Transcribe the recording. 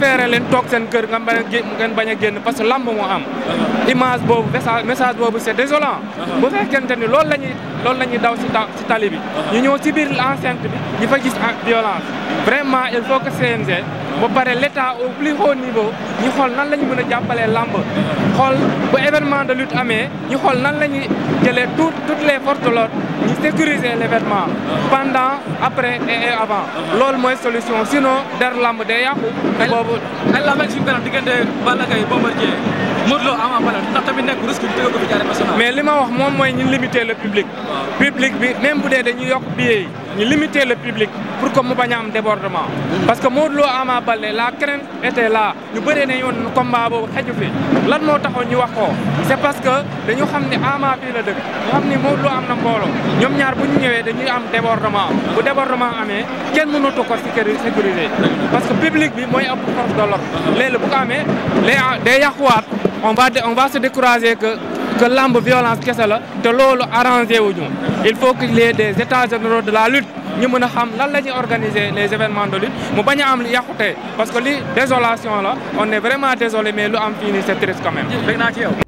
préféré leen toog seen kër nga bañ a ngeen bañ a génn parce que lamb am. Uh-huh. image boobu message message boobu c' est désolant. Uh-huh. bu fekkente ni loolu la ñuy loolu la daw si ta si tali bi. Uh-huh. ñu ñëw si biir enceinte bi ñu fa gis violence. vraiment il faut que CNG. ba pare l' état au plus haut ñu xool nan la ñu mën a jàppalee làmb xool. événement de lutte amee ñu xool nan la tout les forces de l'ordre ñu pendant après et avant loolu mooy solution sinon der lamb day yàqu te boobu nekk mais li ma wax moom mooy ñu limiter le public public bi même bu dee dañuy yokk billets yi ñu limiter le public pour que mu bañ am débordement. parce que Modou Lo Ama Baldé la crainte était là ñu bëree ne yoon combat boobu xeju fi lan moo taxoon ñu wax ko parce que dañu xam ni Ama fii la dëkk ñu xam ni Modou Lo am na mbooloo ñoom ñaar bu ñu ñëwee dañuy am débordement bu débordement amee kenn mënatu ko sécuriser parce que public bi mooy ëpp force de l'ordre léegi amee day yàquwaat on va on va se décourager que lamb violence kese la te loolu arrangé wu ñu il faut qu'il y des états généraux de la lutte ñu mën a xam lan la ñuy organiser les événements de lutte mu bañ a am li yàqute parce que li désolation la on est vraiment désolé mais lu am fii nii triste quand même.